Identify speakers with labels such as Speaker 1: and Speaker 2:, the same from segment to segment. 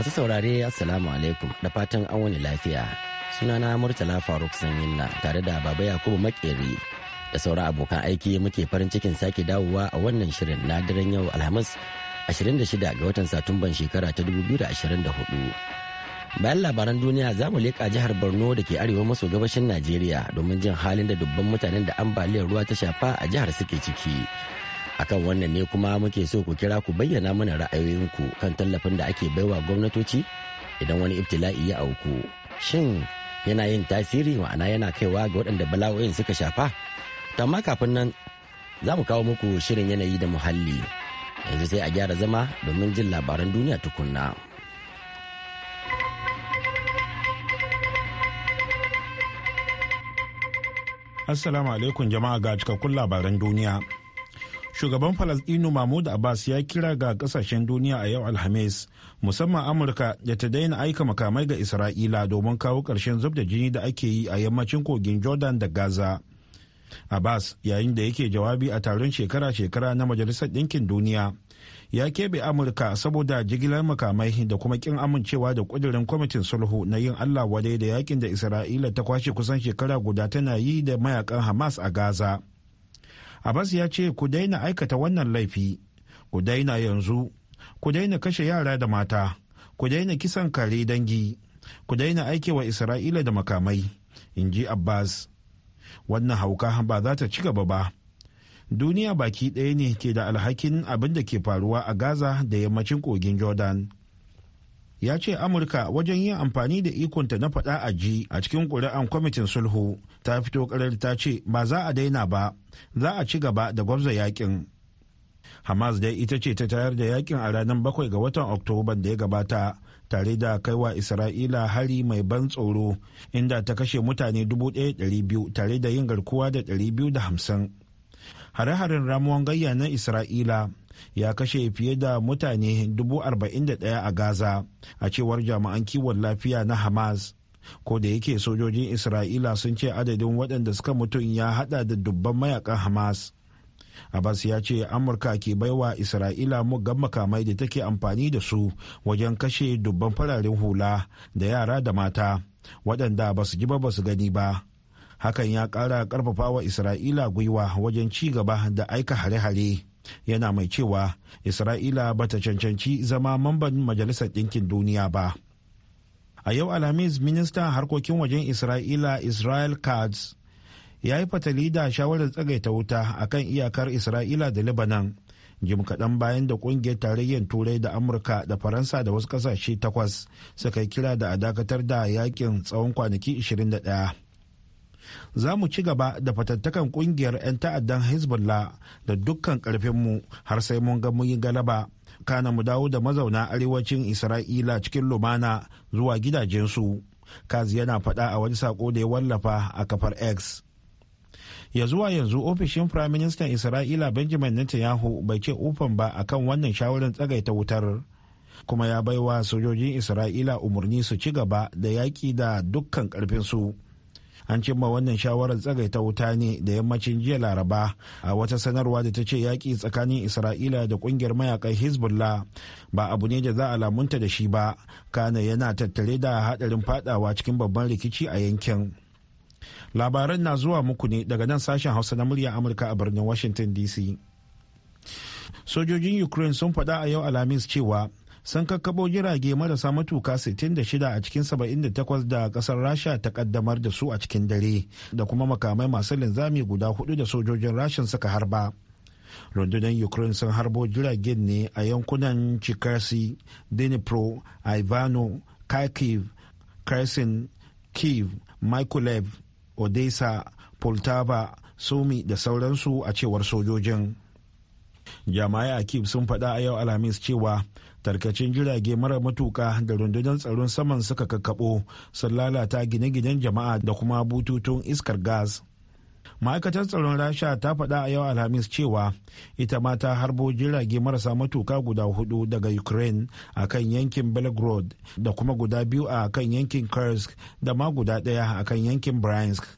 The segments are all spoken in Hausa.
Speaker 1: Masu saurare Assalamu alaikum da fatan an wani lafiya. Sunana Murtala Faruk Sanyinna tare da Baba Yakubu Makeri da sauran abokan aiki muke farin cikin sake dawowa a wannan shirin na daren yau Alhamis 26 ga watan Satumban shekara ta 2024. Bayan labaran duniya za mu leƙa jihar Borno da ke arewa maso gabashin Najeriya domin jin halin da dubban mutanen da ambaliyar ruwa ta shafa a jihar suke ciki. akan wannan ne kuma muke so ku kira ku bayyana mana ra'ayoyinku kan tallafin da ake baiwa gwamnatoci idan wani ibtila'i ya auku shin yana yin tasiri ma'ana yana kaiwa ga waɗanda bala'o'in suka shafa to amma kafin nan za mu kawo muku shirin yanayi da muhalli yanzu sai a gyara zama domin jin labaran duniya tukunna.
Speaker 2: Assalamu alaikum jama'a ga cikakkun labaran duniya. shugaban falasdino mahmud abbas ya kira ga kasashen duniya a yau alhamis musamman amurka da ta daina aika makamai ga isra'ila domin kawo karshen zub da jini da ake yi a yammacin kogin jordan da gaza abbas yayin da yake jawabi a taron shekara-shekara na majalisar ɗinkin duniya ya keɓe amurka saboda jigilar makamai da kuma ƙin amincewa da ƙudurin kwamitin sulhu na yin allah wadai da yakin da isra'ila ta kwashe kusan shekara guda tana yi da mayakan hamas a gaza abbas ya ce ku daina aikata wannan laifi ku daina yanzu ku daina kashe yara da mata ku daina kisan kare dangi ku daina aikewa isra'ila da makamai in ji abbas wannan hauka ba za ta ci gaba ba duniya baki ɗaya ne ke da alhakin abin da ke faruwa a gaza da yammacin kogin jordan ya ce amurka wajen yin amfani da ikonta na faɗa a ji a cikin ƙuri'an kwamitin sulhu ta fito ƙarar ta ce ba za a daina ba za a ci gaba da gwamza yakin hamas dai ita ce ta tayar da yakin a ranar bakwai ga watan Oktoba da ya gabata tare da kaiwa isra'ila hari mai ban tsoro inda ta kashe mutane 1,200 tare da yin garkuwa da 250 hare-haren ramuwan gayya na isra'ila ya kashe fiye da mutane 41,000 a Gaza, a cewar jami'an kiwon lafiya na Hamas. Ko da yake sojojin Isra'ila sun ce adadin waɗanda suka mutum ya haɗa da dubban mayakan Hamas. Abbas ya ce Amurka ke baiwa Isra'ila muggan makamai da take amfani da su wajen kashe dubban fararen hula da yara da mata, waɗanda ba su ji ba ba su gani ba. hakan ya ƙara ƙarfafa wa isra'ila gwiwa wajen ci gaba da aika hare-hare yana mai cewa isra'ila ba ta cancanci zama mamban majalisar ɗinkin duniya ba a yau alhamis ministan harkokin wajen isra'ila israel katz ya yi fatali da shawarar tsagaita wuta a kan iyakar isra'ila da libanan jim kaɗan bayan da ƙungiyar tarayyar turai da amurka da faransa da wasu ƙasashe takwas suka kira da a dakatar da yakin tsawon kwanaki 21 za mu ci gaba da fatattakan kungiyar 'yan ta'addan hezbollah da dukkan karfinmu har sai mun ga yi galaba kana mu dawo da mazauna arewacin isra'ila cikin lumana zuwa gidajensu kazi yana faɗa a wani sako da ya wallafa a kafar x ya zuwa yanzu ofishin firaministan isra'ila benjamin netanyahu bai ce ufan ba akan wannan shawarar tsagaita wutar kuma ya baiwa sojojin isra'ila umarni su ci gaba da yaƙi da dukkan ƙarfinsu. su an cimma wannan shawarar tsagaita wuta ne da yammacin jiya laraba a wata sanarwa da ta ce yaƙi tsakanin isra'ila da ƙungiyar mayakan hezbollah ba abu ne da za a lamunta da shi ba kana yana tattare da haɗarin faɗawa cikin babban rikici a yankin labaran na zuwa muku ne daga nan sashen hausa na muryar amurka a birnin washington dc sojojin ukraine sun faɗa a yau alhamis cewa sun kakkabo jirage marasa matuka 66 a cikin 78 da kasar rasha ta kaddamar da su a cikin dare da kuma makamai masu linzami guda hudu da sojojin rashin suka harba rundunar ukraine sun harbo jiragen ne a yankunan chikasi dnipro ivano kharkiv kherson kiev mikolev odessa poltava sumi da sauransu a cewar sojojin jami'ai a kiev sun faɗa a yau alhamis cewa tarkacin jirage mara matuka da rundunar tsaron saman suka kakkaɓo sun lalata gine-ginen jama'a da kuma bututun iskar gas ma'aikatar tsaron rasha ta faɗa a yau alhamis cewa ita ma ta harbo jirage marasa matuka guda hudu daga ukraine a kan yankin belgrod da kuma guda biyu a kan yankin kursk da ma guda ɗaya a kan yankin bryansk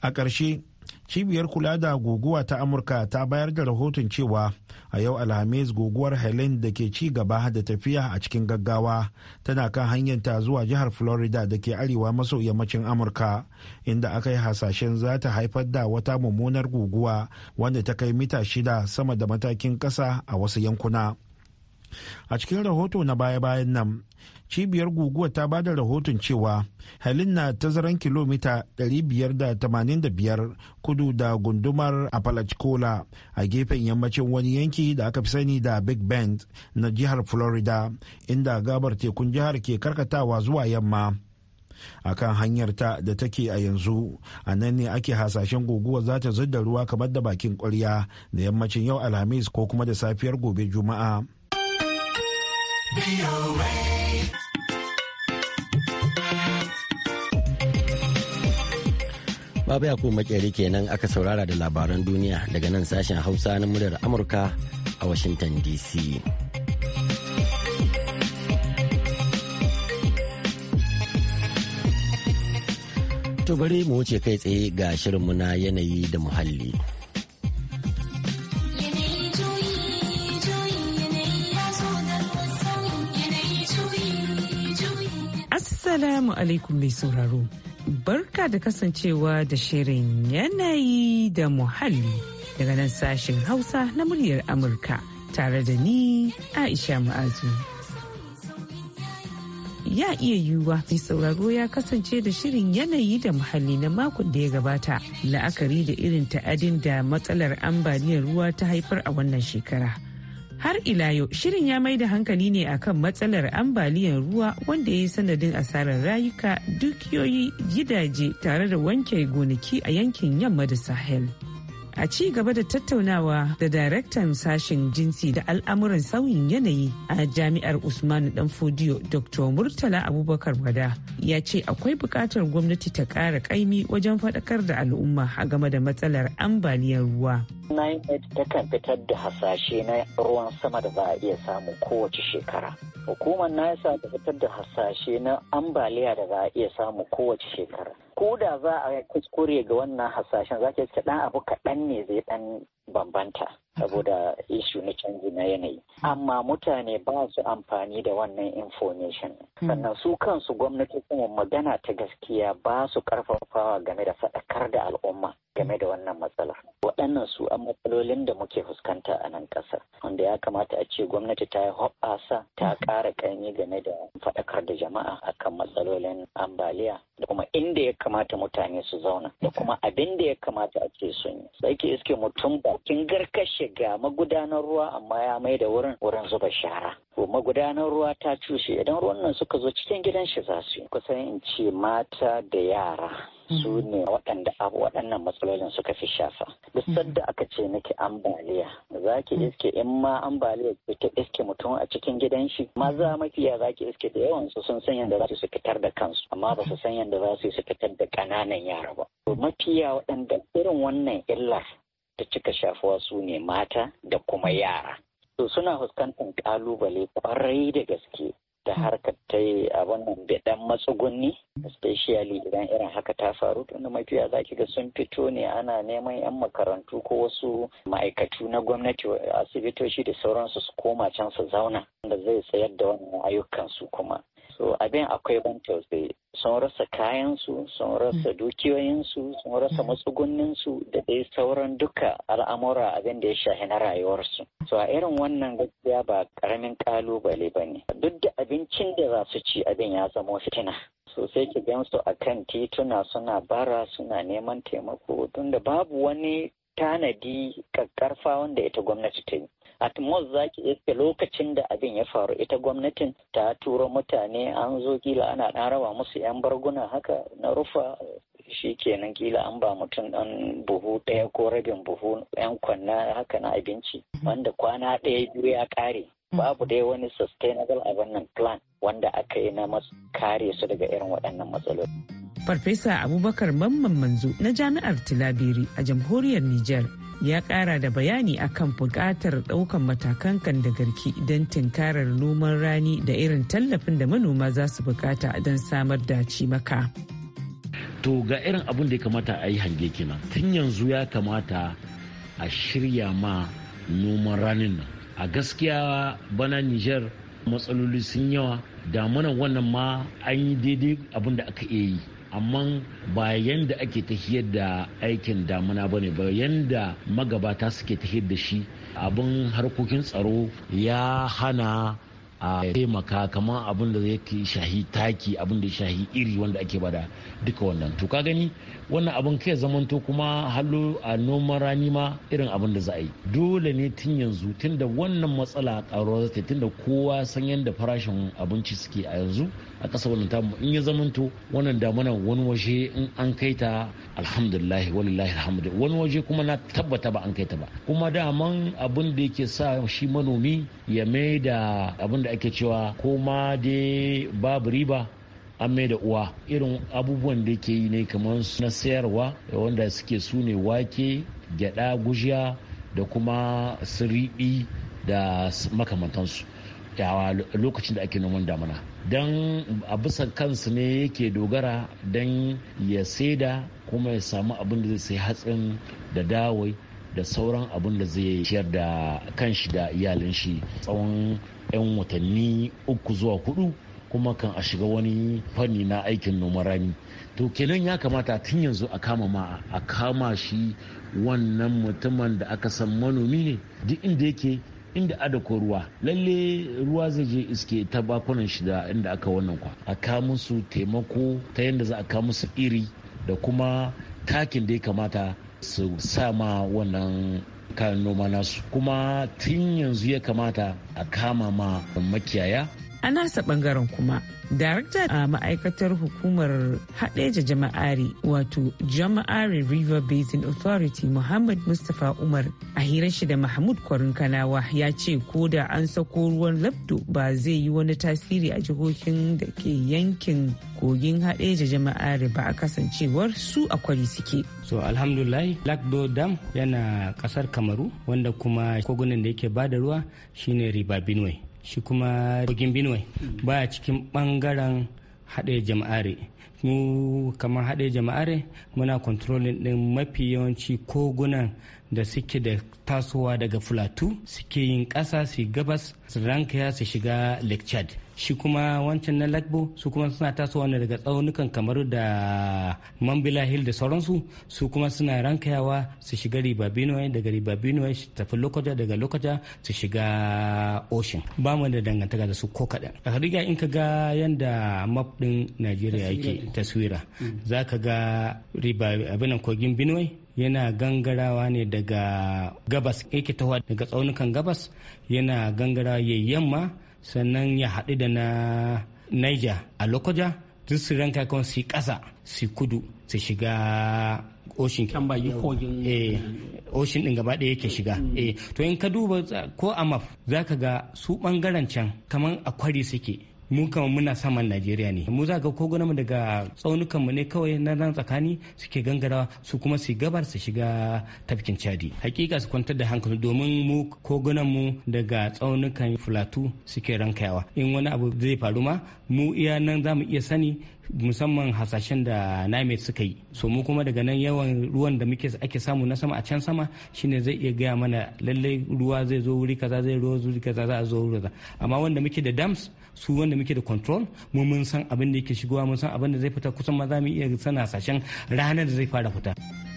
Speaker 2: a ƙarshe cibiyar kula da guguwa ta amurka ta bayar da rahoton cewa a yau alhamis guguwar helen da ke ci gaba da tafiya a cikin gaggawa tana kan hanyarta zuwa jihar florida da ke arewa maso yammacin amurka inda aka yi hasashen za ta haifar da wata mummunar guguwa wanda ta kai mita shida sama da matakin ƙasa a wasu yankuna a cikin rahoto na baya-bayan nan cibiyar guguwa ta bada rahoton cewa halin na tazaran kilomita 585 kudu da gundumar apalachicola a gefen yammacin wani yanki da aka fi sani da big bend na jihar florida inda gabar tekun jihar ke karkatawa zuwa yamma a kan hanyar ta da take a yanzu a nan ne ake hasashen guguwa za ta da ruwa kamar da bakin kwarya da yammacin yau alhamis ko kuma da safiyar gobe juma'a
Speaker 1: Baba Yakubu Makeri kenan aka saurara da labaran duniya daga nan sashen Hausa na muryar Amurka a Washington DC. To bari mu wuce kai tsaye ga shirinmu na yanayi da muhalli.
Speaker 3: Assalamu alaikum mai sauraro. Barka da kasancewa da shirin yanayi da muhalli daga nan sashen Hausa na muryar Amurka tare da ni Aisha Ma'azu. Ya iya yiwuwa mai sauraro ya kasance da shirin yanayi da muhalli na makon da ya gabata la'akari da irin ta'adin da matsalar ambaliyar ruwa ta haifar a wannan shekara. har ila yau shirin ya mai da hankali ne akan matsalar ambaliyar ruwa wanda ya yi sanadin asarar rayuka dukiyoyi gidaje tare da wanke gonaki a yankin yamma da sahel a ci gaba da tattaunawa da daraktan sashen jinsi da al'amuran sauyin yanayi a jami'ar usmanu danfodiyo dr murtala abubakar Bada, ya ce akwai buƙatar gwamnati ta ƙara kaimi wajen faɗakar da al'umma a game da matsalar ambaliyar ruwa
Speaker 4: nimet takan fitar da hasashe na ruwan sama da za a iya samu kowace shekara hukumar nasa ta fitar da hasashe na ambaliya da za a iya samu kowace shekara ko za a kuskure ga wannan hasashen za ki ce dan abu kaɗan ne zai dan bambanta saboda ishu na canji na yanayi amma mutane ba su amfani da wannan information hmm. sannan su kansu gwamnati kuma magana ta gaskiya ba su karfafawa game da faɗakar da al'umma game da wannan matsala. waɗannan su an matsalolin da muke fuskanta a nan ƙasar wanda ya kamata a ce gwamnati ta yi hoɓɓasa ta hmm. ƙara ƙaimi game da faɗakar da jama'a akan matsalolin ambaliya da kuma inda ya kamata mutane su zauna da kuma abin da ya kamata a ce sun yi sai iske mutum ba kin ka shiga magudanar ruwa amma ya mai da wurin wurin zuba shara to magudanar ruwa ta cushe idan ruwan nan suka zo cikin gidan shi za su yi kusan in ce mata da yara su mm-hmm. ne waɗanda waɗannan matsalolin suka fi shafa duk mm-hmm. sadda aka ce nake ambaliya za ki mm-hmm. iske in ma ambaliya ta iske mutum a cikin gidan shi maza mafiya za ki iske da yawan su sun san yadda za su fitar da kansu amma ba su san yadda za su fitar da ƙananan yara ba mafiya waɗanda irin wannan illar ta cika shafuwa su ne mata da kuma yara. To suna fuskantar kalubale kwarai da gaske ta harkar ta yi a wannan bidan matsugunni, especially idan irin haka ta faru tunda mafiya za ki ga sun fito ne ana neman 'yan makarantu ko wasu ma'aikatu na gwamnati asibitoci da sauransu su koma can su zauna da zai tsayar da wannan ayyukansu kuma. so abin akwai ban tausayi sun rasa kayansu sun rasa mm. dukiyoyinsu sun rasa mm. matsugunninsu da dai sauran duka al'amura abin da ya shahi na rayuwarsu so a irin wannan gaskiya ba karamin kalubale ba ne duk da abincin da za su ci abin ya zama fitina sosai ki gan su akan tituna suna bara suna neman taimako tunda babu wani tanadi karfa wanda ita gwamnati ta yi atmos za ki iske lokacin da abin ya faru ita gwamnatin ta turo mutane an zo kila ana ɗan raba musu 'yan barguna haka na rufa shi kenan kila an ba mutum ɗan buhu ɗaya ko rabin buhu 'yan kwanna haka na abinci mm-hmm. wanda kwana ɗaya biyu ya ƙare babu dai wani sustainable abin nan plan wanda aka yi na masu kare su daga
Speaker 3: irin waɗannan matsaloli. Farfesa Abubakar Mamman Manzo na Jami'ar Tilabiri a jamhuriyar Nijar ya ƙara da bayani akan buƙatar ɗaukan matakan kan da garki don tinkarar noman rani da irin tallafin da manoma za su buƙata don samar da cimaka.
Speaker 5: To ga irin abin da ya kamata a yi hange kenan
Speaker 3: tun yanzu
Speaker 5: ya kamata a shirya ma noman ranin nan. a gaskiya bana Nijar matsaloli sun yawa mana wannan ma an yi daidai abin da aka iya yi amma ba yanda ake tafiyar da aikin damuna ba ne ba yanda magabata suke tafiyar da shi abin harkokin tsaro ya hana a taimaka kamar abin da yake shahi taki abin da shahi iri wanda ake bada duka wannan to ka gani wannan abin kai zamanto kuma hallo a noman rani ma irin abin da za a yi dole ne tun yanzu tun da wannan matsala karuwa ta tun da kowa san yadda farashin abinci suke a yanzu a ƙasa wannan tamu in ya zamanto wannan damana wani waje in an kai ta alhamdulillah walillahi wani waje kuma na tabbata ba an kai ta ba kuma daman abin da yake sa shi manomi ya mai da abin da ake cewa ko ma dai babu riba an mai da uwa irin abubuwan da ke yi ne kamar na sayarwa wanda suke su ne wake gyada gujiya da kuma siriɗi da makamantansu yawa lokacin da ake noman damana don a bisa kansu ne yake dogara don ya saida kuma ya samu abin da zai sai hatsin da dawai da sauran abin da zai shiyar da kanshi da iyalin shi tsawon 'yan watanni uku zuwa hudu kuma kan a shiga wani fanni na aikin noman rani to kenan ya kamata tun yanzu a kama ma a kama shi wannan mutumin da aka san manomi ne duk inda yake inda ada ko ruwa lalle ruwa zai je iske ta bakunan shi da inda aka wannan kwa a ka musu taimako ta yadda za a ka musu iri da kuma takin da ya kamata su sama wannan kayan noma nasu kuma tun yanzu ya kamata
Speaker 3: a kama ma makiyaya a nasa bangaren kuma darakta a ma'aikatar hukumar haɗeja jama'ari wato jama'ari river basin authority muhammad mustapha umar a hirar shi da mahmud kwarin kanawa ya ce ko da an sako ruwan labdo ba zai yi wani tasiri a jihohin da ke yankin kogin haɗeja jama'ari ba a kasancewar su a kwari suke so alhamdulillah
Speaker 6: labdo dam yana ƙasar kamaru wanda kuma kogunan da yake da ruwa shine river benue shi kuma kogin benue baya cikin bangaren haɗe jama'are mu kamar haɗe jama'are muna kontrolin ɗin mafi yawanci kogunan da suke da tasowa daga fulatu suke yin ƙasa su gabas su rankaya su shiga lake chad shi kuma wancan na lagbo su kuma suna tasowa ne daga tsaunukan kamar da mambila hill da sauransu su kuma suna rankayawa su shiga riba daga riba su tafi lokaja daga lokaja su shiga ocean ba mu da dangantaka da su ko kaɗan a riga in ka ga yanda map ɗin najeriya yake taswira za ka ga riba abinan kogin benue yana gangarawa ne daga gabas yake tawa daga tsaunukan gabas yana gangarawa ya yamma sannan ya haɗu da na niger a lokoja duk su ranka kan su ƙasa su kudu su shiga oshin kan yi kogin eh, oshin din gaba ɗaya yake shiga mm. eh, to in ka duba ko a map ka ga su ɓangaren can kamar a kwari suke mu kama muna saman najeriya ne mu za ga kogunanmu daga tsaunukanmu ne kawai na nan tsakani suke gangarawa su kuma su gabar su shiga tafkin chadi hakika su kwantar da hankali domin mu mu daga tsaunukan fulatu suke rankayawa in wani abu zai faru ma mu iya nan za mu iya sani musamman hasashen da namet suka yi so mu kuma daga nan yawan ruwan da muke ake samu na sama a can sama shine zai iya gaya mana lallai ruwa zai zo wuri kaza zai ruwa wuri kaza za a zo wuri kaza amma wanda muke da dams su wanda muke da control mu mun san abin da yake shigowa mun
Speaker 3: san abin da zai fita kusan ma za mu iya sana hasashen ranar da zai fara fita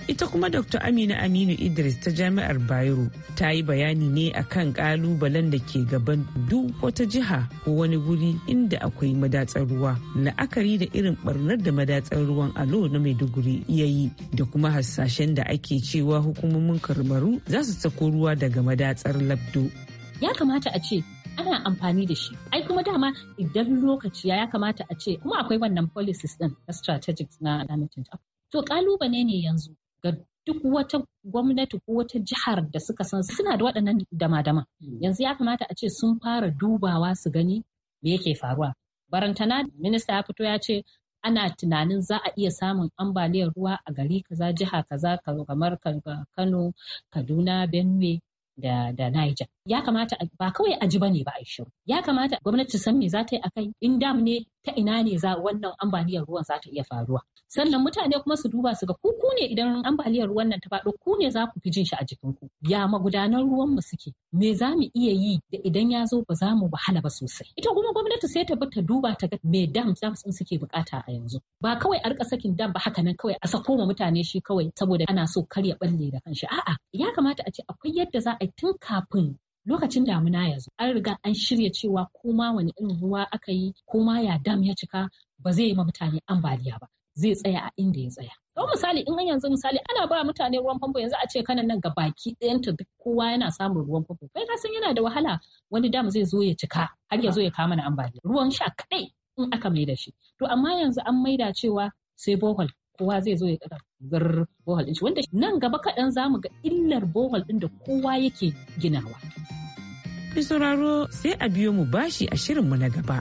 Speaker 3: ita kuma dr amina aminu idris ta jami'ar bayero ta yi bayani ne akan kalubalen da ke gaban duk wata jiha ko wani guri inda akwai madatsar ruwa la'akari da irin barnar da madatsar ruwan alo na maiduguri ya yi da kuma hasashen da ake cewa hukumomin karmaru za su sako ruwa daga madatsar labdo ya kamata a ce
Speaker 7: ana amfani da shi ai kuma dama idan lokaci ya kamata a ce kuma akwai wannan policies din na strategic na alamitin to kalubale ne yanzu ga duk wata gwamnati ko wata jihar da suka san suna da waɗannan dama-dama hmm. yanzu ya kamata a ce sun fara dubawa su gani me yake faruwa barantana minista ya fito ya ce ana tunanin za a iya samun ambaliyar ruwa a gari kaza jiha kaza kamar kano kaduna benue da, da Niger. Ya kamata ba kawai a ji ne ba a shiru. Ya kamata gwamnati san me za ta yi akai in dam ne ta ina ne za wannan ambaliyar ruwan za ta iya faruwa sannan mutane kuma su duba su ga ku ku ne idan ambaliyar ruwan nan ta faɗo ku ne za ku fi jin shi a jikinku ya magudanar ruwan mu suke me za mu iya yi da idan ya zo ba za mu wahala ba sosai ita kuma gwamnati sai ta bi ta duba ta ga me dam dam sun suke bukata a yanzu ba kawai a rika sakin dam ba haka nan kawai a sako ma mutane shi kawai saboda ana so kar ya balle da kanshi a'a ya kamata a ce akwai yadda za a yi tun kafin lokacin damuna ya zo an riga an shirya cewa koma wani irin ruwa aka yi koma ya dam ya cika ba zai yi ma mutane ambaliya ba zai tsaya a inda ya tsaya don misali in an yanzu misali ana ba mutane ruwan famfo yanzu a ce kanan nan ga baki ɗayanta duk kowa yana samun ruwan famfo kai ka san yana da wahala wani dam zai zo ya cika har ya zo ya kama na ambaliya ruwan sha kaɗai in aka mai da shi to amma yanzu an maida cewa sai bohol kowa zai zo ya kaga gar bohol din shi wanda nan gaba kaɗan za mu ga illar bohol ɗin da kowa yake ginawa.
Speaker 3: ki sauraro sai a biyo mu bashi a shirin mu na gaba.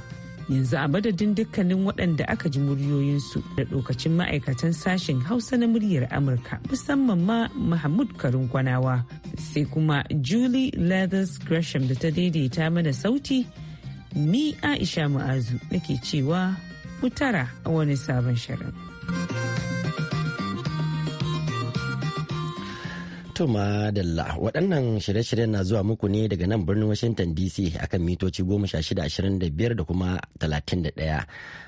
Speaker 3: Yanzu a madadin dukkanin waɗanda aka ji muryoyinsu da ɗokacin ma'aikatan sashen Hausa na muryar Amurka musamman ma Mahmud Karin Kwanawa sai kuma Julie Leathers Gresham da ta daidaita mana sauti mi Aisha Mu'azu nake cewa mutara a wani sabon shirin.
Speaker 1: To madalla waɗannan shirye-shiryen na zuwa muku ne daga nan birnin Washington DC akan mitoci 1625 da kuma 31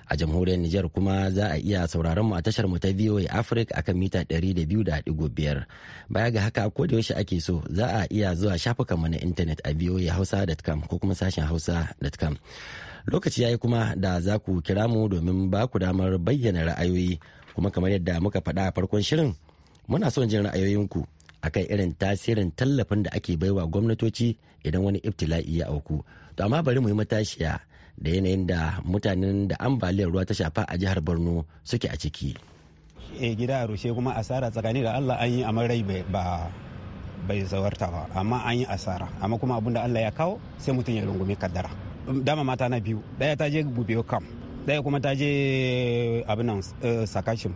Speaker 1: a jamhuriyar Nijar kuma za a iya sauraron mu a tashar mu ta VOA Africa akan mita 200.5 baya ga haka ko da yaushe ake so za a iya zuwa shafukan mu na intanet a voahausa.com ko kuma sashen hausa.com lokaci yayi kuma da za ku kira mu domin ba ku damar bayyana ra'ayoyi kuma kamar yadda muka faɗa a farkon shirin muna son jin ra'ayoyinku akan irin tasirin tallafin da ake baiwa gwamnatoci idan wani ibtila'i ya auku to amma bari mu yi matashiya da yanayin da mutanen da ambaliyar ruwa ta shafa a jihar borno suke a ciki
Speaker 2: e gida a rushe kuma asara tsakani da allah an yi a rai ba bai zawarta ba amma an yi asara amma kuma abinda allah ya kawo sai mutum ya rungumi kaddara dama mata na biyu daya ta je gubewa kam daya kuma ta je abinan eh, sakashin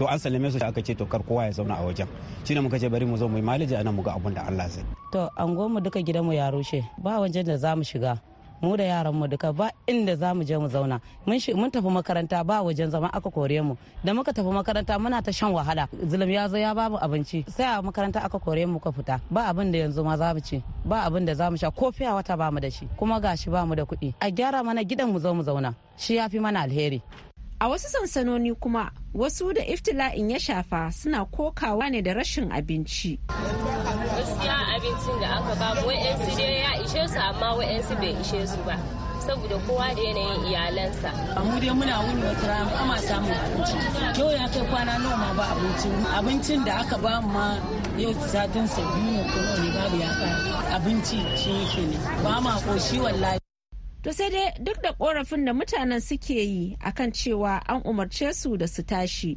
Speaker 2: to an sallame su aka ce to kar kowa ya zauna a wajen shine muka ce bari mu zo mu yi malaji anan mu ga abun da Allah zai
Speaker 3: to an mu duka gidan mu ya rushe ba wajen da zamu shiga mu da yaran mu duka ba inda zamu je mu zauna mun tafi makaranta ba wajen zama aka kore mu da muka tafi makaranta muna ta shan wahala zulum ya zo ya babu abinci sai a makaranta aka kore mu ka fita ba abin da yanzu ma zamu ci ba abin da zamu sha ko fiya wata ba mu da shi kuma gashi ba mu da kuɗi a gyara mana gidan mu zo mu zauna shi ya fi mana alheri A wasu
Speaker 8: sansanoni kuma wasu da iftila'in ya shafa suna kokawa ne da rashin abinci.
Speaker 7: Gaskiya abincin da aka ba wa'yansu dai ya ishe su amma wa'yansu bai ishe su ba. saboda kowa da yanayin iyalansa. mu dai muna wuni wata rana ba samun abinci.
Speaker 3: Yau ya kai kwana nawa ma ba abinci. Abincin da aka ba ma yau satin sa ko ne babu ya kai. Abinci shi yake ne. Ba ma shi
Speaker 8: wallahi. To sai dai duk da korafin da mutanen suke yi akan cewa an umarce su da su tashi.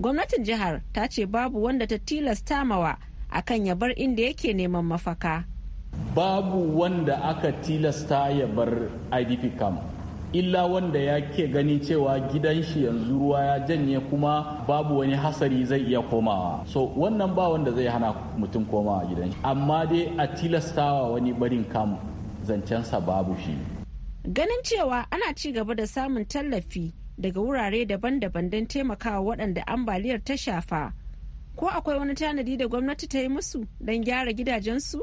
Speaker 8: Gwamnatin jihar ta ce babu wanda ta tilasta mawa akan ya bar inda yake neman mafaka.
Speaker 9: Babu wanda aka tilasta ya bar IDP camp. illa wanda ya ke gani cewa gidan shi yanzu ruwa ya janye kuma babu wani hasari zai iya komawa so wannan ba wanda zai hana mutum komawa gidan shi amma dai a tilastawa wani barin kam zancensa babu
Speaker 8: shi Ganin cewa ana ci gaba da samun tallafi daga wurare daban-daban don taimakawa waɗanda ambaliyar ta shafa. Ko akwai wani tanadi da gwamnati ta yi musu don gyara gidajensu?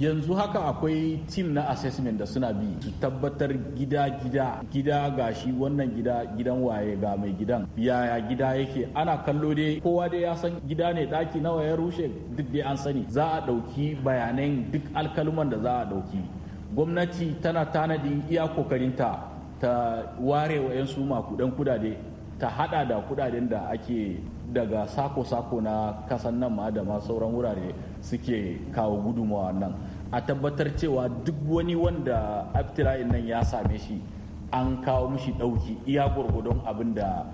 Speaker 9: yanzu haka akwai tim na assessment da suna bi su tabbatar gida-gida gida gashi wannan gida gidan waye ga mai gidan yaya gida yake ana kallo dai kowa dai ya san gida ne daki nawa ya rushe duk dai an sani za a ɗauki bayanan duk alkaluman da za a ɗauki gwamnati tana tanadin iya kokarinta ta ware wa 'yan makudan kudade ta hada da kudaden da ake daga sako-sako na kasan nan ma da sauran wurare suke kawo gudunmawa nan a tabbatar cewa duk wani wanda abtirayin nan ya same shi an kawo mishi dauki iya gwargwadon abin da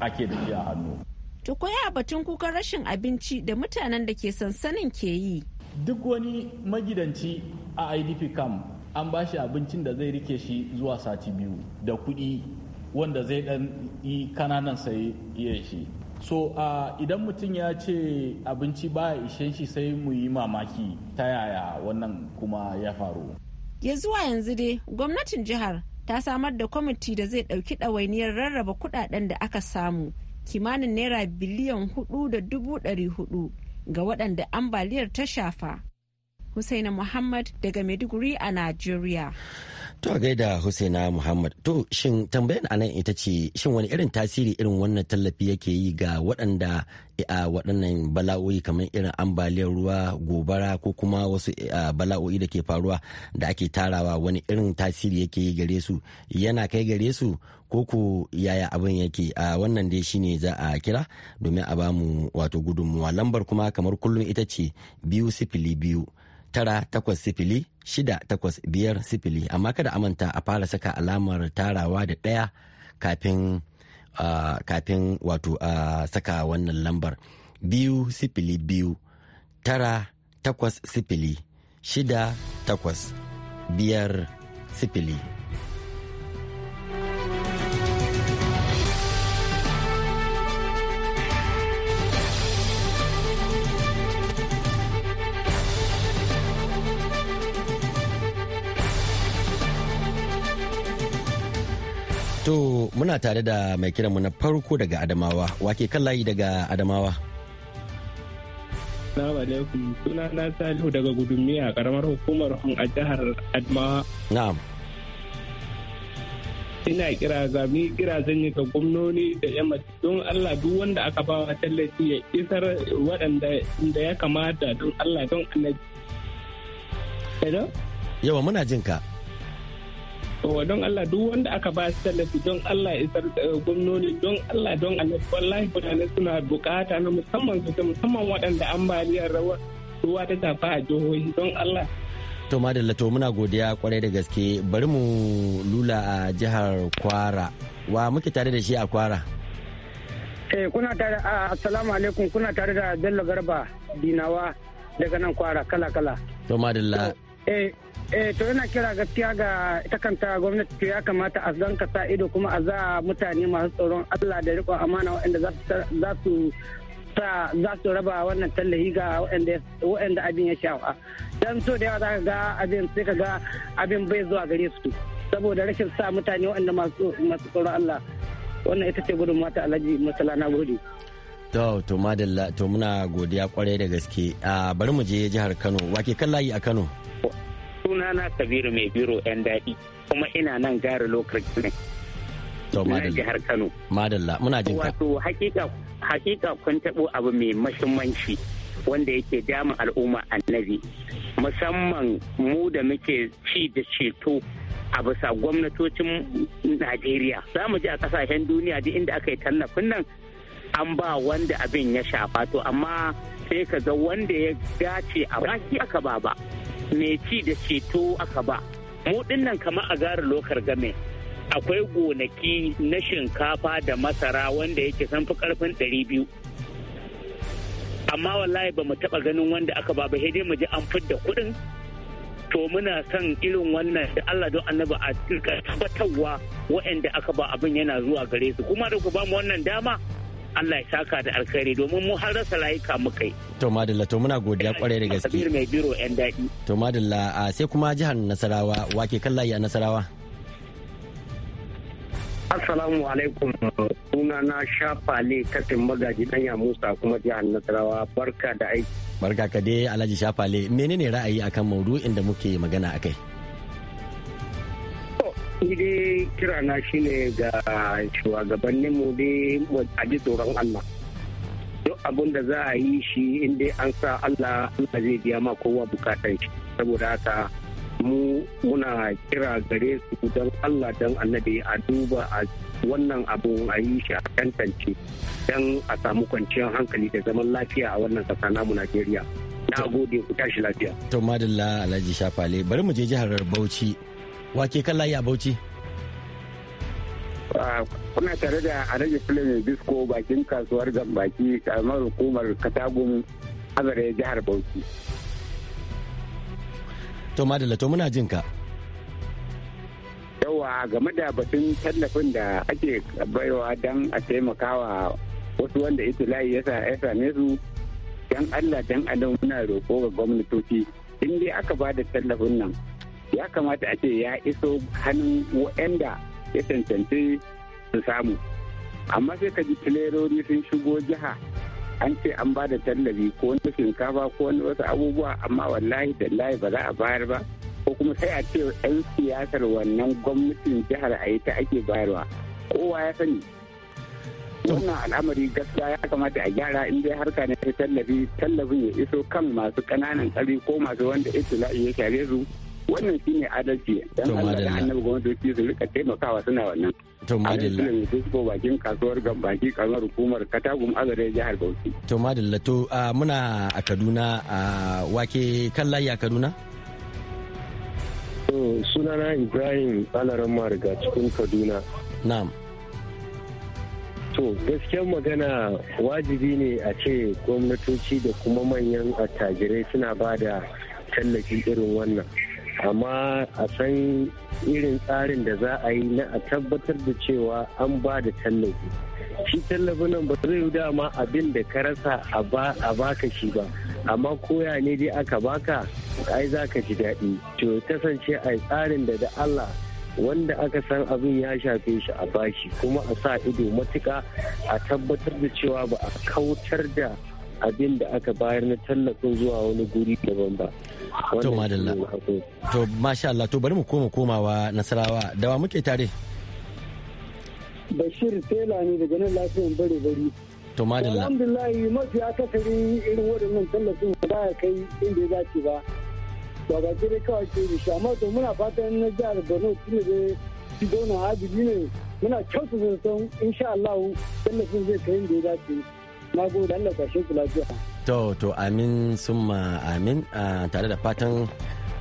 Speaker 9: ake da shi a hannu.
Speaker 8: To koya batun kukan rashin abinci da mutanen da ke sansanin ke yi. duk wani magidanci a idp camp an ba shi
Speaker 9: abincin da zai rike shi zuwa sati biyu da kuɗi wanda zai ɗan yi kananan sai iya shi so uh, idan mutum ya ce abinci baya ishen shi sai mu yi mamaki ta yaya wannan kuma ya faru
Speaker 8: ya zuwa yanzu dai gwamnatin jihar ta samar da kwamiti da zai ɗauki ɗawainiyar rarraba kuɗaɗen da aka samu kimanin naira biliyan hudu da dubu ɗari hudu ga waɗanda ambaliyar ta shafa. Husaina Muhammad daga Maiduguri a Najeriya.
Speaker 1: To gaida Husaina Muhammad. To shin tambayar anan nan ita ce shin wani irin tasiri irin wannan tallafi yake yi ga waɗanda a waɗannan bala'o'i kamar irin ambaliyar ruwa gobara ko kuma wasu bala'o'i da ke faruwa da ake tarawa wani irin tasiri yake yi gare su yana kai gare su ko ku yaya abin yake a wannan dai shine za a kira domin a bamu wato gudunmuwa lambar kuma kamar kullum ita ce biyu sifili biyu tara takwas sifili shida takwas biyar sifili amma kada a manta a fara saka alamar tarawa da ɗaya kafin kafin wato a saka wannan lambar biyu sifili biyu tara takwas sifili shida takwas biyar sifili To muna tare da mai kiranmu na farko daga Adamawa, wake kan layi daga Adamawa.
Speaker 10: Assalamu alaikum, suna na Salihu daga a karamar hukumar Hun a jihar Adamawa. Na'am. Ina kira ga mi kira zan yi ga gwamnoni da yamma don Allah duk wanda aka ba wa tallafi ya isar waɗanda da ya kamata don Allah don annabi. Hello?
Speaker 1: Yawa muna jin ka.
Speaker 10: don Allah duk wanda aka ba su tallafi don Allah ya isar gwamnoni don Allah don Allah wallahi mutane suna bukata na musamman su musamman waɗanda ambaliyar rawa ruwa ta tafa a jihohi don Allah.
Speaker 1: To Madalla to muna godiya kwarai da gaske bari mu lula a jihar Kwara wa muke tare da shi a Kwara.
Speaker 11: Eh kuna tare assalamu alaikum kuna tare da Bello Garba Dinawa daga nan Kwara kala kala.
Speaker 1: To Madalla.
Speaker 11: Eh eh to yana kira gaskiya ga ita kanta gwamnati to ya kamata a zanka sa ido kuma a za mutane masu tsoron Allah da riƙon amana waɗanda za su za su raba wannan tallahi ga waɗanda abin ya sha'awa dan so da yawa za ka ga abin sai ka ga abin bai zuwa gare su saboda rashin sa mutane waɗanda masu tsoron Allah wannan ita ce gudun mata Alhaji masala na gode.
Speaker 1: To, to madalla, to muna godiya kwarai da gaske. Ah, bari mu je jihar Kano, wake kan layi a Kano.
Speaker 11: sunana kabiru mai biro yan daɗi kuma ina nan lokar lokacin to jihar kano madalla muna jin ka wato hakika kun tabo abu mai mahimmanci wanda yake dama al'umma annabi musamman mu da muke ci da ceto a bisa gwamnatocin najeriya za mu ji a kasashen duniya duk inda aka yi tallafin nan an ba wanda abin ya shafa to amma sai ka ga wanda ya dace a baki aka ba ba mai ci da ceto aka ba mu dinnan kamar a gara lokar game akwai gonaki na shinkafa da masara wanda yake san fi karfin ɗari biyu amma wallahi ba mu taɓa ganin wanda aka ba ba dai mu ji an fidda kuɗin to muna son irin wannan da Allah don annabi a tabbatarwa waɗanda aka ba abin yana zuwa gare su kuma da ku ba mu wannan dama Allah ya saka da alkhairi domin mu har rasa layuka muka yi.
Speaker 1: To madalla to muna godiya kwarai da gaske. Kabir mai biro yan daɗi. To madalla sai kuma jihar Nasarawa wake kan layi a Nasarawa.
Speaker 10: Assalamu alaikum suna na shafale katin magaji danya Musa kuma jihar Nasarawa barka da aiki.
Speaker 1: Barka ka dai Alhaji Shafale menene ra'ayi akan maudu'in da muke magana akai? kai?
Speaker 10: dai kira na ne ga mu dai a ji tsoron Allah. Duk abin da za a yi shi inda an sa Allah Allah zai biya ma kowa bukatan shi. Saboda haka mu muna kira gare su don Allah don annabi a duba a wannan abu a yi shi a tantance don a samu kwanciyar hankali da zaman lafiya a wannan kasa namu Najeriya. Na gode ku tashi lafiya.
Speaker 1: To Alhaji Shafale bari mu je jihar Bauchi. wake kan layi a bauchi
Speaker 10: ah, kuna tare da alhaji fulani disco bakin kasuwar gambaki kamar hukumar katagun azare jihar
Speaker 1: bauchi to madalla to muna jinka
Speaker 10: yawa game da batun tallafin da ake baiwa dan a taimakawa wasu wanda itila'i ya same su yan allah dan adam muna roƙo ga gwamnatoci in dai aka ba da tallafin nan ya kamata a ce ya iso hannun waɗanda ya cancanci su samu amma sai ka ji filerori sun shigo jiha an ce an ba da tallafi ko wani shinkafa ko wani wasu abubuwa amma wallahi da lahi ba za a bayar ba ko kuma sai a ce 'yan siyasar wannan gwamnatin jihar a yi ta ake bayarwa kowa ya sani wannan al'amari gaskiya ya kamata a gyara in dai harka ne ta tallafi tallafin ya iso kan masu ƙananan tsari ko masu wanda ita itila'i ya share su wannan shine adalci don Allah da annabi gwamnati su rika taimakawa suna wannan to madalla ne su ko bakin kasuwar gambaki kamar hukumar katagum azare jihar Bauchi
Speaker 1: to madalla to muna a Kaduna wake kan layi a Kaduna
Speaker 10: to sunana Ibrahim Alarama daga cikin Kaduna na'am to gaskiyar magana wajibi ne a ce gwamnatoci da kuma manyan attajirai suna ba da tallafi irin wannan amma a san irin tsarin da za a yi na a tabbatar da cewa an ba da tallafi shi tallafi nan ba zai yi dama abin da ka rasa a baka shi ba amma koya ne dai aka baka ai za ka ji daɗi to kasance a tsarin da da allah wanda aka san abin ya shafe shi a bashi kuma a sa ido matuka a tabbatar da cewa ba a kautar da abin da aka bayar na tallafin zuwa wani guri daban ba. To madalla.
Speaker 1: To masha Allah to bari mu koma komawa nasarawa dawa muke tare.
Speaker 10: Bashir Tela ne daga nan lafiyan bare bari. To madalla. Alhamdulillah mafi akasari irin waɗannan tallafin ba ya kai inda ya dace ba. Ba ga dai kawai ke da shi amma to muna fatan na jihar Borno tun da Sidona Abidi ne muna zan san insha Allah tallafin zai kai inda ya dace.
Speaker 1: to to amin summa amin tare da fatan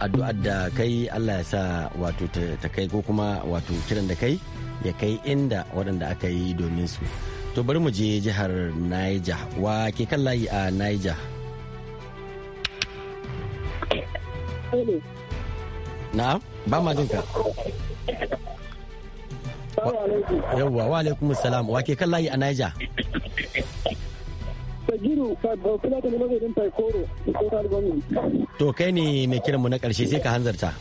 Speaker 1: addu'ar da kai Allah ya sa wato ta kai ko kuma wato kiran da kai ya kai inda waɗanda aka yi domin su to bari mu je jihar Niger wa ke kan layi a Niger na ba ma jinka yawwa wa alaikum salam wa ke kan layi a Niger To kai ne mai kiran mu na karshe sai ka hanzarta.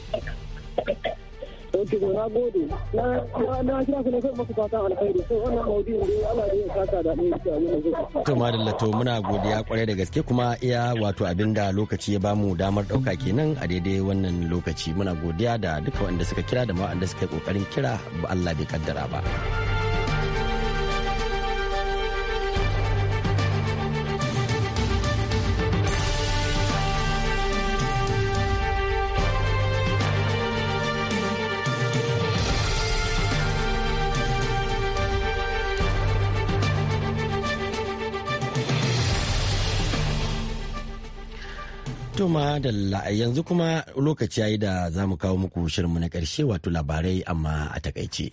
Speaker 10: Oke, na da Allah To muna godiya
Speaker 1: kwarai da gaske kuma iya wato abinda lokaci ya bamu damar dauka kenan a daidai wannan lokaci. Muna godiya da duka wanda suka kira da ma wanda suka yi kokarin kira ba Allah bai kaddara ba. To da yanzu kuma lokaci ya yi da za mu kawo muku shirinmu na ƙarshe wato
Speaker 2: labarai amma a takaice.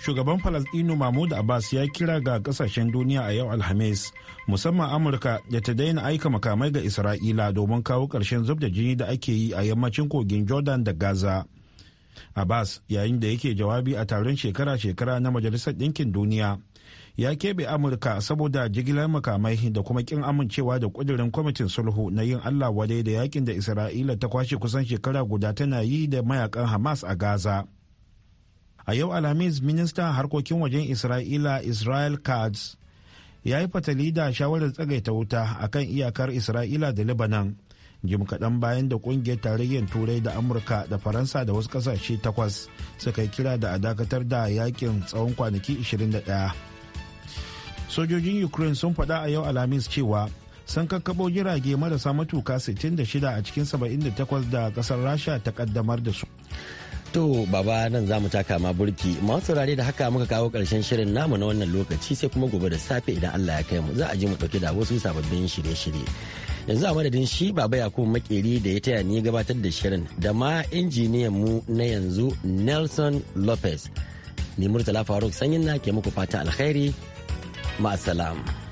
Speaker 2: Shugaban Falasɗinu Mahmud Abbas ya kira ga ƙasashen duniya a yau Alhamis, musamman Amurka da ta daina aika makamai ga Isra'ila domin kawo ƙarshen zub da jini da ake yi a yammacin kogin Jordan da Gaza. Abbas yayin da yake jawabi a taron shekara-shekara na Majalisar Ɗinkin Duniya. ya keɓe amurka saboda jigilar makamai da kuma kin amincewa da kudirin kwamitin sulhu na yin allah wadai da yakin da isra'ila ta kwashe kusan shekara guda tana yi da mayakan hamas a gaza a yau alhamis ministan harkokin wajen isra'ila israel katz ya yi fatali da shawarar tsagaita wuta akan iyakar isra'ila da lebanon jim kaɗan bayan da ƙungiyar tarayyar turai da amurka da faransa da wasu ƙasashe takwas suka yi kira da a dakatar da yakin tsawon kwanaki 21 sojojin ukraine sun faɗa a yau alhamis cewa san kakkabo jirage marasa matuka 66 a cikin 78 da kasar rasha ta kaddamar da su
Speaker 1: to baba nan za mu taka ma burki ma saurare da haka muka kawo karshen shirin namu na wannan lokaci sai kuma gobe da safe idan allah ya kai mu za a ji mu ɗauki da wasu sababbin shirye-shirye yanzu a madadin shi baba yakubu makeri da ya taya ni gabatar da shirin da ma injiniyan mu na yanzu nelson lopez ni murtala faruk sanyin na ke muku fata alkhairi ma'asalam.